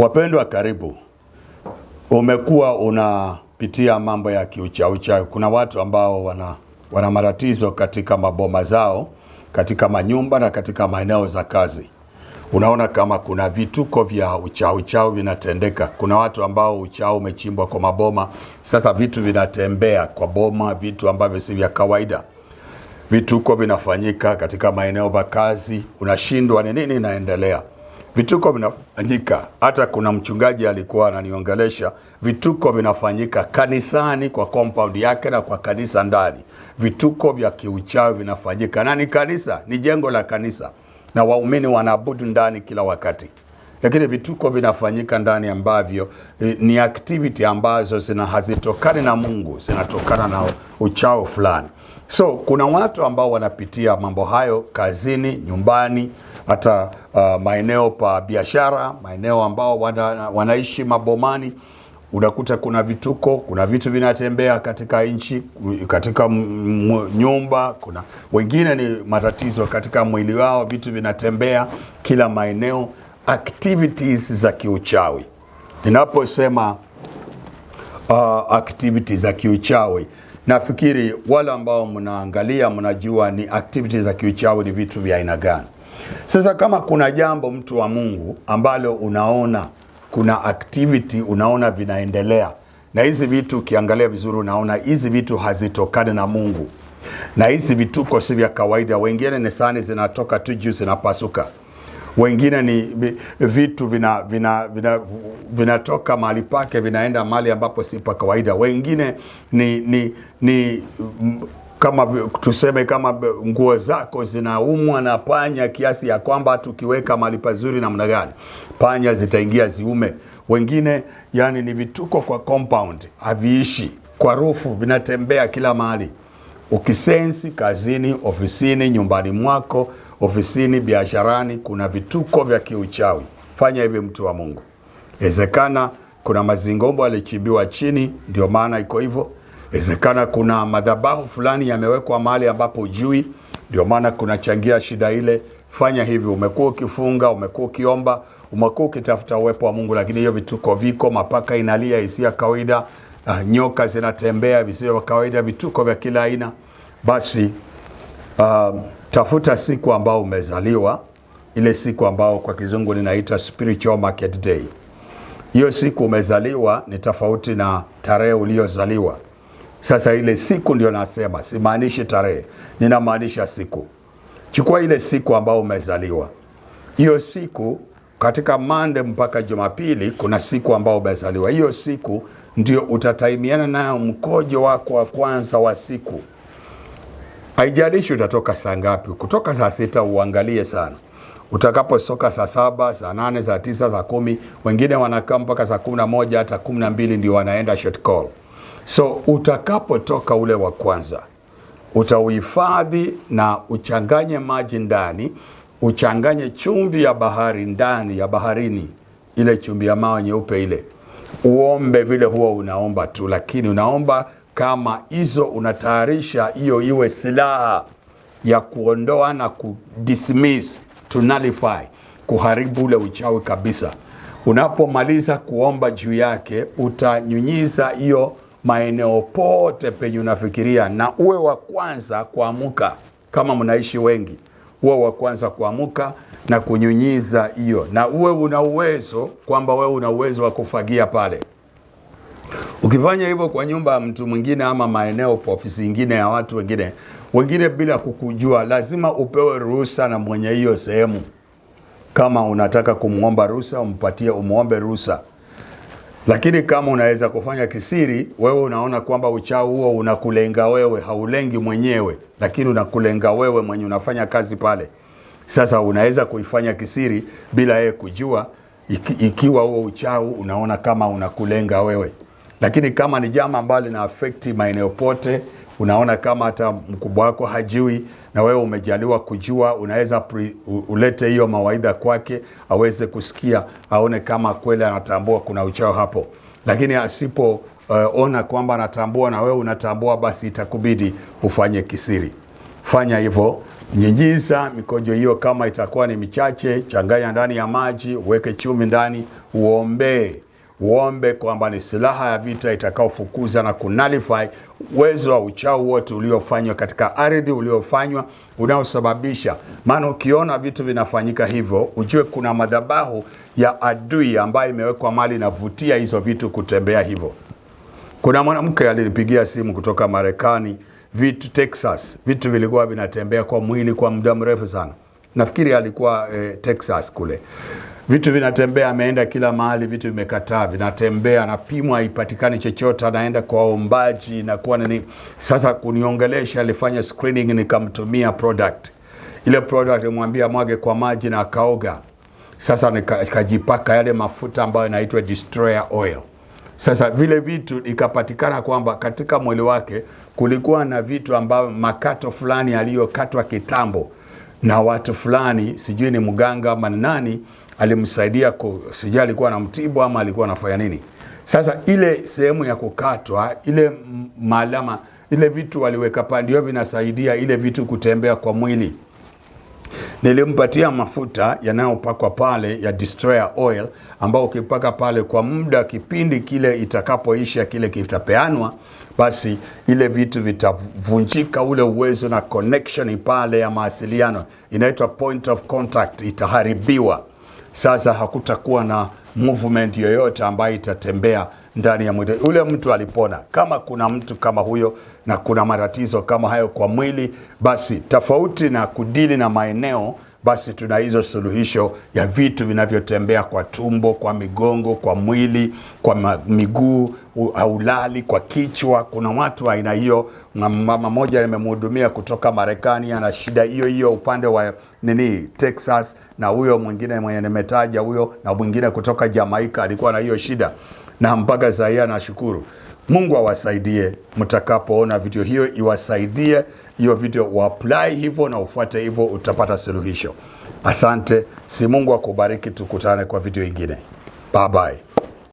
Wapendwa, karibu. Umekuwa unapitia mambo ya kiuchauchau. Kuna watu ambao wana wana matatizo katika maboma zao, katika manyumba na katika maeneo za kazi. Unaona kama kuna vituko vya uchauchau vinatendeka. Kuna watu ambao uchao umechimbwa kwa maboma, sasa vitu vinatembea kwa boma, vitu ambavyo si vya kawaida. Vituko vinafanyika katika maeneo ya kazi, unashindwa ni nini inaendelea. Vituko vinafanyika, hata kuna mchungaji alikuwa ananiongelesha, vituko vinafanyika kanisani kwa compound yake na kwa kanisa ndani. Vituko vya kiuchawi vinafanyika, na ni kanisa, ni jengo la kanisa, na waumini wanaabudu ndani kila wakati, lakini vituko vinafanyika ndani ambavyo e, ni activity ambazo zina hazitokani na Mungu, zinatokana na uchao fulani. So kuna watu ambao wanapitia mambo hayo kazini, nyumbani hata uh, maeneo pa biashara, maeneo ambao wana, wanaishi mabomani unakuta kuna vituko, kuna vitu vinatembea katika nchi, katika nyumba. Kuna wengine ni matatizo katika mwili wao, vitu vinatembea kila maeneo, activities za kiuchawi. Ninaposema uh, activities za kiuchawi, nafikiri wale ambao mnaangalia mnajua ni activities za kiuchawi ni vitu vya aina gani. Sasa kama kuna jambo mtu wa Mungu ambalo unaona kuna activity unaona vinaendelea na hizi vitu ukiangalia vizuri unaona hizi vitu hazitokani na Mungu, na hizi vituko si vya kawaida. Wengine ni sahani zinatoka tu juu zinapasuka, wengine ni vitu vinatoka vina, vina, vina mahali pake vinaenda mahali ambapo si pa kawaida, wengine ni, ni, ni kama tuseme kama nguo zako zinaumwa na panya kiasi ya kwamba tukiweka mahali pazuri namna gani panya zitaingia ziume. Wengine yani ni vituko kwa compound, haviishi kwa rufu, vinatembea kila mahali. Ukisensi kazini, ofisini, nyumbani mwako, ofisini, biasharani, kuna vituko vya kiuchawi, fanya hivi, mtu wa Mungu. Wezekana kuna mazingombo alichimbiwa chini, ndio maana iko hivyo. Inawezekana kuna madhabahu fulani yamewekwa mahali ambapo jui, ndio maana kunachangia shida ile. Fanya hivi, umekuwa ukifunga, umekuwa ukiomba, umekuwa ukitafuta uwepo wa Mungu, lakini hiyo vituko viko, mapaka inalia isiyo kawaida, uh, nyoka zinatembea visivyo kawaida, vituko vya kila aina. Basi uh, tafuta siku ambao umezaliwa, ile siku ambao kwa kizungu ninaita spiritual market day. Hiyo siku umezaliwa ni tofauti na tarehe uliyozaliwa. Sasa ile siku ndio nasema, simaanishi tarehe, ninamaanisha siku. Chukua ile siku ambayo umezaliwa. Hiyo siku katika Mande mpaka Jumapili kuna siku ambayo umezaliwa. Hiyo siku ndio utataimiana nayo mkojo wako wa kwanza wa siku. Haijalishi utatoka saa ngapi, kutoka saa sita uangalie sana utakaposoka saa saba, saa nane, saa tisa, saa kumi. Wengine wanakaa mpaka saa kumi na moja hata kumi na mbili ndio wanaenda short call. So utakapotoka ule wa kwanza utauhifadhi na uchanganye maji ndani, uchanganye chumvi ya bahari ndani ya baharini, ile chumvi ya mawe nyeupe ile, uombe vile huwa unaomba tu, lakini unaomba kama hizo unatayarisha, hiyo iwe silaha ya kuondoa na kudismiss to nullify, kuharibu ule uchawi kabisa. Unapomaliza kuomba juu yake utanyunyiza hiyo maeneo pote penye unafikiria, na uwe wa kwanza kuamuka. Kama mnaishi wengi, uwe wa kwanza kuamuka na kunyunyiza hiyo, na uwe una uwezo kwamba wewe una uwezo wa kufagia pale. Ukifanya hivyo kwa nyumba ya mtu mwingine ama maeneo kwa ofisi nyingine ya watu wengine wengine bila kukujua, lazima upewe ruhusa na mwenye hiyo sehemu. Kama unataka kumwomba ruhusa, umpatie, umwombe ruhusa. Lakini kama unaweza kufanya kisiri, wewe unaona kwamba uchawi huo unakulenga wewe, haulengi mwenyewe, lakini unakulenga wewe mwenye unafanya kazi pale. Sasa unaweza kuifanya kisiri bila yeye kujua, ikiwa huo uchawi unaona kama unakulenga wewe. Lakini kama ni jambo ambalo lina affect maeneo pote unaona kama hata mkubwa wako hajui na wewe umejaliwa kujua, unaweza ulete hiyo mawaidha kwake aweze kusikia, aone kama kweli anatambua kuna uchao hapo, lakini asipo uh, ona kwamba anatambua na wewe unatambua, basi itakubidi ufanye kisiri. Fanya hivyo, nyinyiza mikojo hiyo, kama itakuwa ni michache, changanya ndani ya maji, uweke chumi ndani, uombee uombe kwamba ni silaha ya vita itakaofukuza na kunalify uwezo wa uchao wote uliofanywa katika ardhi, uliofanywa unaosababisha. Maana ukiona vitu vinafanyika hivyo, ujue kuna madhabahu ya adui ambayo imewekwa mali inavutia hizo vitu kutembea hivyo. Kuna mwanamke alinipigia simu kutoka Marekani, vitu Texas, vitu vilikuwa vinatembea kwa mwili kwa muda mrefu sana. Nafikiri alikuwa eh, Texas kule Vitu vinatembea, ameenda kila mahali, vitu vimekataa, vinatembea, anapimwa, haipatikani chochote, anaenda kwa ombaji na kuwa nini. Sasa kuniongelesha, alifanya screening, nikamtumia product ile. Product nimwambia mwage kwa maji na akaoga. Sasa nikajipaka yale mafuta ambayo inaitwa destroyer oil. Sasa vile vitu ikapatikana kwamba katika mwili wake kulikuwa na vitu ambavyo makato fulani aliyokatwa kitambo na watu fulani, sijui ni mganga ama nani alimsaidia sijui alikuwa anamtibu ama alikuwa anafanya nini. Sasa ile sehemu ya kukatwa ile maalama ile vitu waliweka pale ndio vinasaidia ile vitu kutembea kwa mwili. Nilimpatia mafuta yanayopakwa pale ya destroyer oil, ambao ukipaka pale kwa muda, kipindi kile itakapoisha kile kitapeanwa, basi ile vitu vitavunjika, ule uwezo na connection pale ya mawasiliano, inaitwa point of contact, itaharibiwa sasa hakutakuwa na movement yoyote ambayo itatembea ndani ya mwili. Ule mtu alipona. Kama kuna mtu kama huyo na kuna matatizo kama hayo kwa mwili, basi tofauti na kudili na maeneo, basi tuna hizo suluhisho ya vitu vinavyotembea kwa tumbo, kwa migongo, kwa mwili, kwa miguu, haulali, kwa kichwa. Kuna watu aina hiyo. Mama mmoja nimemhudumia kutoka Marekani, ana shida hiyo hiyo upande wa nini Texas na huyo mwingine mwenye nimetaja huyo na mwingine kutoka Jamaika alikuwa na hiyo shida, na mpaka sasa hivi anashukuru. Mungu awasaidie mtakapoona video hiyo, iwasaidie hiyo video, uapply hivyo na ufuate hivyo, utapata suluhisho. Asante, si Mungu akubariki, tukutane kwa video ingine. Bye bye.